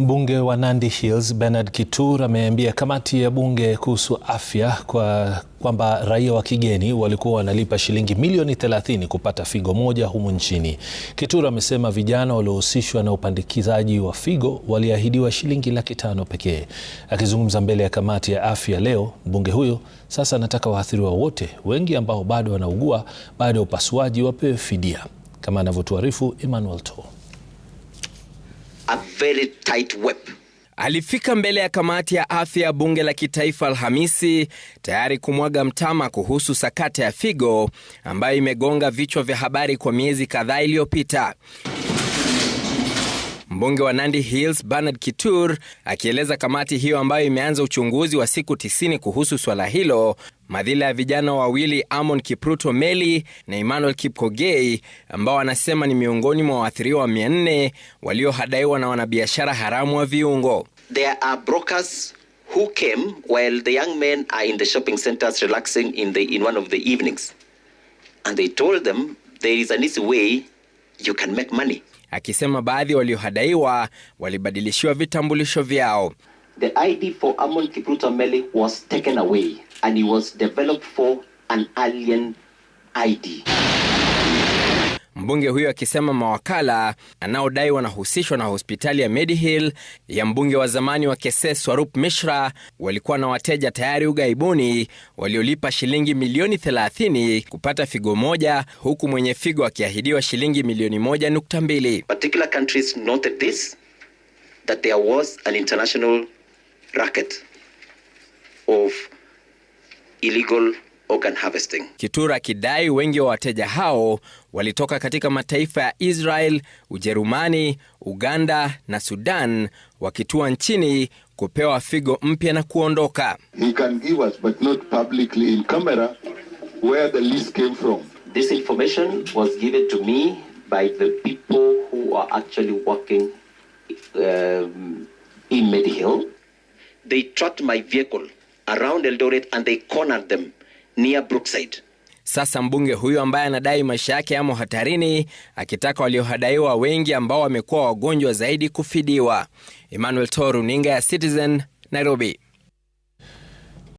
Mbunge wa Nandi Hills Bernard Kitur ameambia kamati ya bunge kuhusu afya kwa kwamba raia wa kigeni walikuwa wanalipa shilingi milioni 30 kupata figo moja humu nchini. Kitur amesema vijana waliohusishwa na upandikizaji wa figo waliahidiwa shilingi laki tano pekee. Akizungumza mbele ya kamati ya afya leo, mbunge huyo sasa anataka waathiriwa wote, wengi ambao bado wanaugua, baada ya upasuaji wapewe fidia, kama anavyotuarifu Emmanuel To a very tight web. Alifika mbele ya kamati ya afya ya bunge la kitaifa Alhamisi tayari kumwaga mtama kuhusu sakata ya figo ambayo imegonga vichwa vya habari kwa miezi kadhaa iliyopita. Mbunge wa Nandi Hills Bernard Kitur akieleza kamati hiyo ambayo imeanza uchunguzi wa siku 90 kuhusu swala hilo madhila ya vijana wawili Amon Kipruto Meli na Emmanuel Kipkogei ambao anasema ni miongoni mwa waathiriwa 400 waliohadaiwa na wanabiashara haramu wa viungo. There are brokers who came while the young men are in the shopping centers relaxing in the in one of the evenings and they told them there is an easy way you can make money. Akisema baadhi waliohadaiwa walibadilishiwa vitambulisho vyao. The ID for Amon Kipruto Mele was taken away and it was developed for an alien ID mbunge huyo akisema mawakala anaodai wanahusishwa na hospitali ya Medihill ya mbunge wa zamani wa Kese Swarup Mishra walikuwa na wateja tayari ughaibuni waliolipa shilingi milioni 30 kupata figo moja, huku mwenye figo akiahidiwa shilingi milioni 1.2 organ harvesting. Kitura akidai wengi wa wateja hao walitoka katika mataifa ya Israel, Ujerumani, Uganda na Sudan wakitua nchini kupewa figo mpya na kuondoka. He can give us, but not publicly in camera, where the list came from. This information was given to me by the people who are actually working um, in Medihill. They tracked my vehicle around Eldoret and they cornered them near Brookside. Sasa mbunge huyo ambaye anadai maisha yake yamo hatarini akitaka waliohadaiwa wengi ambao wamekuwa wagonjwa zaidi kufidiwa. Emmanuel Toru, runinga ya Citizen, Nairobi.